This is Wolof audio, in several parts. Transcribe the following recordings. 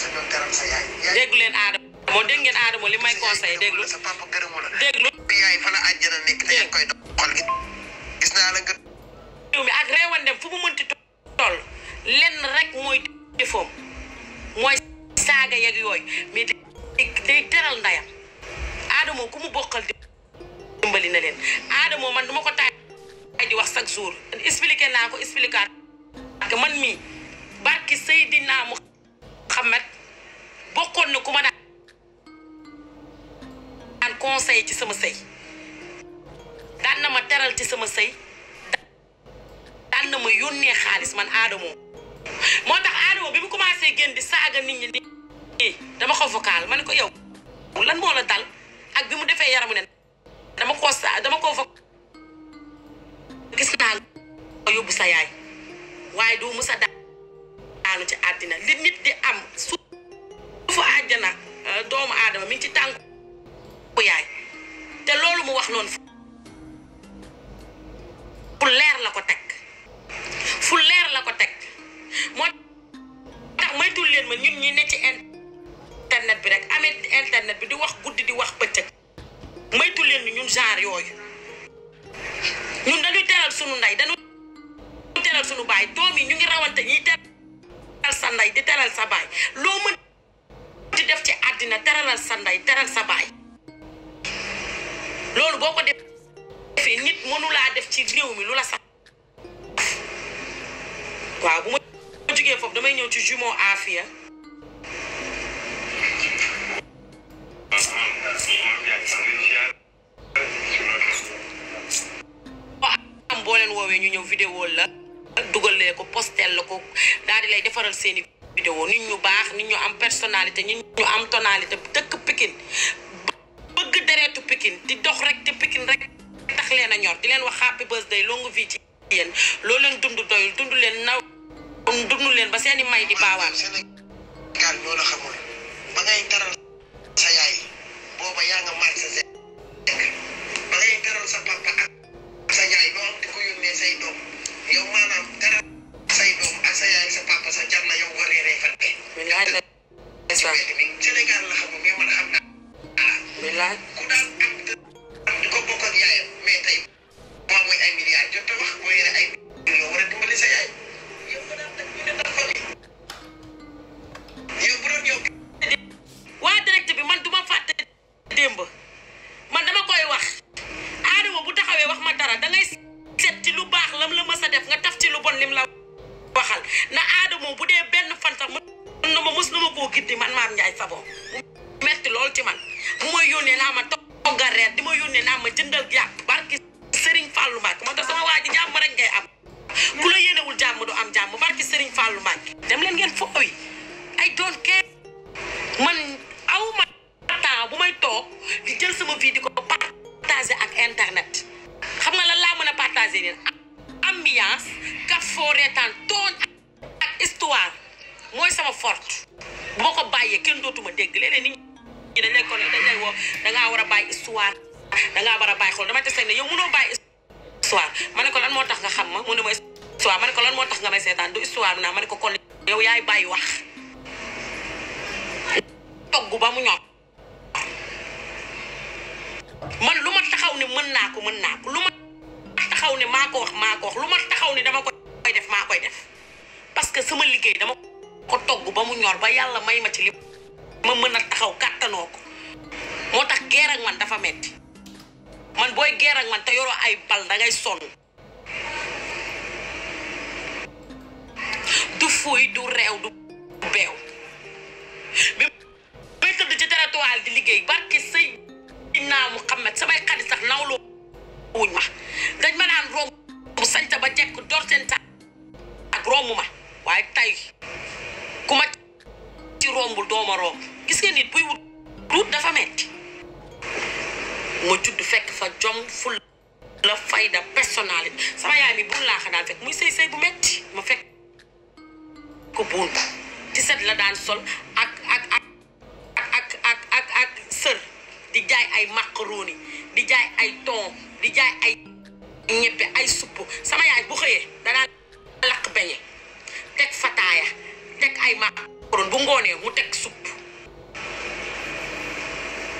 sañoon teral sa yaay. déglu leen aadama moo dégg ngeen aadama li may conseil déglu sa papa gërëmu la déglu yaay fa nekk te koy doxal gi naa la nga réew mi ak réewan dem fu mu mënti toll lenn rek mooy defoom mooy saaga yeeg yooyu teral ndayam aadama ku mu dimbali na leen aadama man duma ko taay wax chaque jour expliqué naa ko expliqué man mii barki Seydina Muhammad bokkoon na ku ma daan conseil ci sama sëy daal na ma teral ci sama sëy daan na ma yónnee xaalis man aadamoo moo tax aadamoo bi mu commencé génn di saaga nit ñi nii dama ko vocal ma ne ko yow lan moo la dal ak bi mu defee yaramu ne dama ko dama ko vocal gis naa nga yóbbu sa yaay waaye du musa daanu ci àddina li nit di am su foofu àjjana euh, doomu aadama mi ci ci tànku yaay te loolu mu wax noonu fu leer la ko teg fu leer la ko teg moo tax moytul leen ma ñun ñi ne ci internet bi rek amee internet bi di wax guddi di wax pëccëg moytul leen mi ñun genre yooyu ñun dañuy teral sunu ndey dañuy teral sunu baay doom yi ñu ngi rawante ñiy teral sa ndey di teral sa baay loo mën def ci àddina teralal sa ndey teral sa baay loolu boo ko defee nit mënulaa def ci réew mi lu la sax waaw bu ma jógee foofu damay ñëw ci jumeau Afia am boo leen woowee ñu ñëw vidéo la dugalee ko postel la ko daal di lay defaral seeni vidéo nit ñu baax nit ñu am personnalité nit ñu am tonalité dëkk Pikine bëgg deretu Pikine di dox rek te Pikine rek tax leen a ñor di leen wax happy birthday longue vie ci yéen loo leen dund doyul dund leen naw dund leen ba seeni may di baawaan ba ngay teral sa yaay booba yaa nga marché sa ba ngay teral sa papa ak sa yaay loo am di ko yónnee baxal na adamo budé dee benn fan sax mën na ma mos ma koo gindi man mam Ndiaye sabo metti lol ci man moy yone yónnee ma togal reet dima yone na ma jëndal yàpp barki Serigne fallu mak mo tax sama waji jamm rek ngay am ku la yéenewul jamm do am jamm barki Serigne fallu mak dem len ngeen fooyi I don't care man aw ma ta, bu may tok di jël sama vie di ko partager ak internet xam nga la la mën partager ni ambiance kaf foo reetaan toon ak histoire mooy sama fort bu ma ko bàyyee kenn dootuma dégg léeg-léeg nit ñi dañ lay kon dañ lay woo dangaa war a bàyyi histoire dangaa war a bàyyi xool damay tese ne yow mënoo bàyyi histoire ma ne ko lan moo tax nga xam ma mu ne ma histoire ma ne ko lan moo tax nga may seetaan du histoire bi naa ma ne ko kon yow yaay bàyyi wax togg ba mu ñor man lu ma taxaw ne mën naa ko mën naa ko lu ma xaw ne maa ko wax maa ko wax lu ma taxaw ne dama koy def maa koy def parce que sama liggéey dama ko togg ba mu ñor ba yàlla may ma ci li ma mën a taxaw kàttanoo ko moo tax guerre ak man dafa metti man booy guerre ak man te yoroo ay bal da sonn du fuy du réew du beew bi may tëdd ci territoire di liggéey barki sëy naa Muhammad samay xarit sax nawloo wuñ ma dañ ma daan romb sañta ba jekk dorten ta ak romb ma waaye tay ku ma ci rombul dooma romb gis nga nit buy wut dafa metti ma judd fekk fa jom ful la fayda personnalité sama yaay mi buun laa daan fekk muy sëy sëy bu metti ma fekk ko buun ko tiset la daal sol ak ak ak ak ak ak ak sër di jaay ay macaroni di jaay ay thon di jaay ay ñebbe ay suppu sama yaay bu da na tek beñe tek fataaya tek ay macaron bu ngone mu tek suppu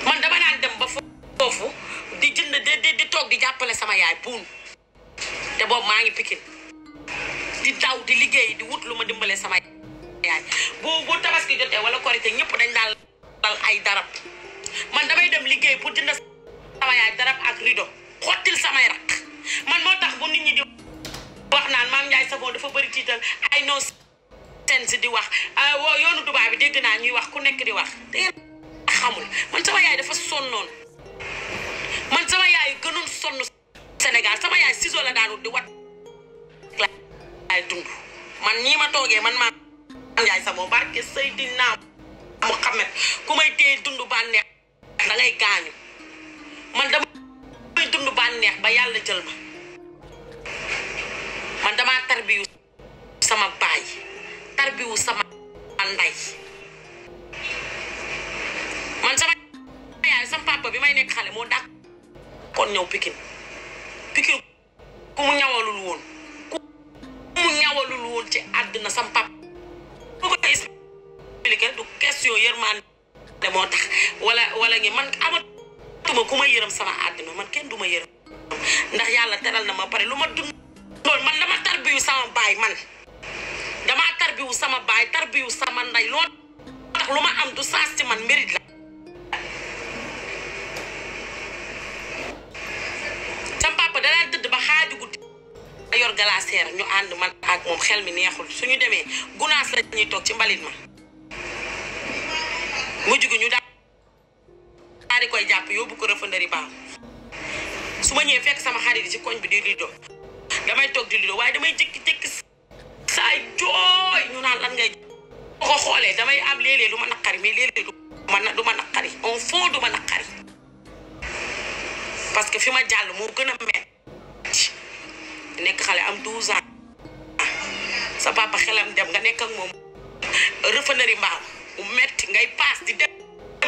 man dama naan dem ba fofu di jënd de di tok di jappalé sama yaay buun té boobu ma ngi pikin di daw di liggéey di wut luma dimbalé sama yaay bu bu tabaski jotté wala korite ñëpp dañ dal dal ay darab man damay dem liggéey pour jënd sama yaay darap ak rido xotil sama rak man moo tax bu nit ñi di wax naan maam Ndiaye Savon dafa bëri tiital ay no sense di wax ah, woo yoonu Dubaay bi dégg na ñuy wax ku nekk di wax xamul man sama yaay dafa sonnon man sama yaay gënoon sonn senegal sama yaay ciso la daanu di wat ay dund man ñi ma toge man maam Ndiaye Savon barke Seydina Muhammad ku may téye dund bànneex da ngay gañu man dama dund bànneex ba yàlla jël ma man damaa tarbiyu sama baay tarbiyu sama ndey man sama yaay sama bi may nekk xale moo dàq kon ñëw pikin pikin ku mu ñawalul woon ku mu ñawalul woon ci àddina sama bu ko expliqué du question yërmande moo tax wala wala ngi man amat gisatuma ku ma yërëm sama àddina man kenn du ma yërëm ndax yàlla teral na ma pare lu ma dund loolu man dama tarbiyu sama baay man damaa tarbiyu sama baay tarbiyu sama nday loo tax lu ma am du saas ci man mérite la sama papa danaan tëdd ba xaaju guddi yor glacière ñu ànd man ak moom xel mi neexul suñu demee gunaas la ñuy toog ci mbalit ma mujj gi ñu daal daal di koy jàpp yóbbu ko rëfandari ba suma ma fekk sama hari ci koñ bi di rido damay tok di rido waaye damay jékki jek saay joy ñu naan lan ngay ko xolé damay am léeg luma nakari mais léeg luma du ma on fond duma nakari parce que fima jall mo gëna gën nek xalé am 12 ans sa papa xelam dem nga nek ak mom rëfandari ba mu metti ngay pass di dem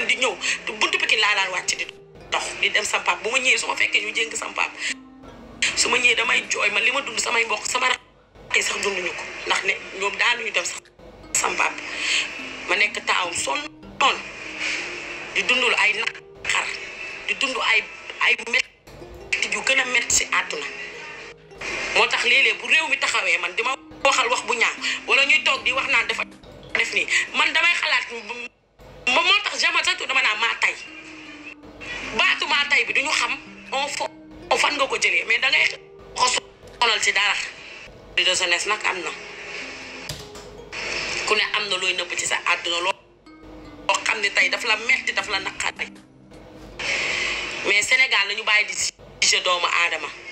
di ñëw buntu Pikine la daan wacc di dox di dem sa pap buma ma suma su ñu jéng sa pap suma ma damay joy man lima dund samay mbokk sama raxee sax ñu ko ndax ne ñoom ñu dem sa pap ma nek taawum son ton di dundul ay nakar di dundu ay ay met yu ju gëna met ci aduna motax tax bu réew mi taxawé man dima waxal wax bu ñaan wala ñuy tok di wax naan dafa def ni, man damay xalaat ba moo tax jamono saytu dama naa maa tay baatu maa tay bi duñu xam on fo on fan nga ko jëlee mais da ngay xosolal ci dara. de nag am na ku ne am na looy nëbb ci sa àdduna loo xam ni tey daf la metti daf la naqaare mais Sénégal la ñu bàyyi di jeu doomu aadama.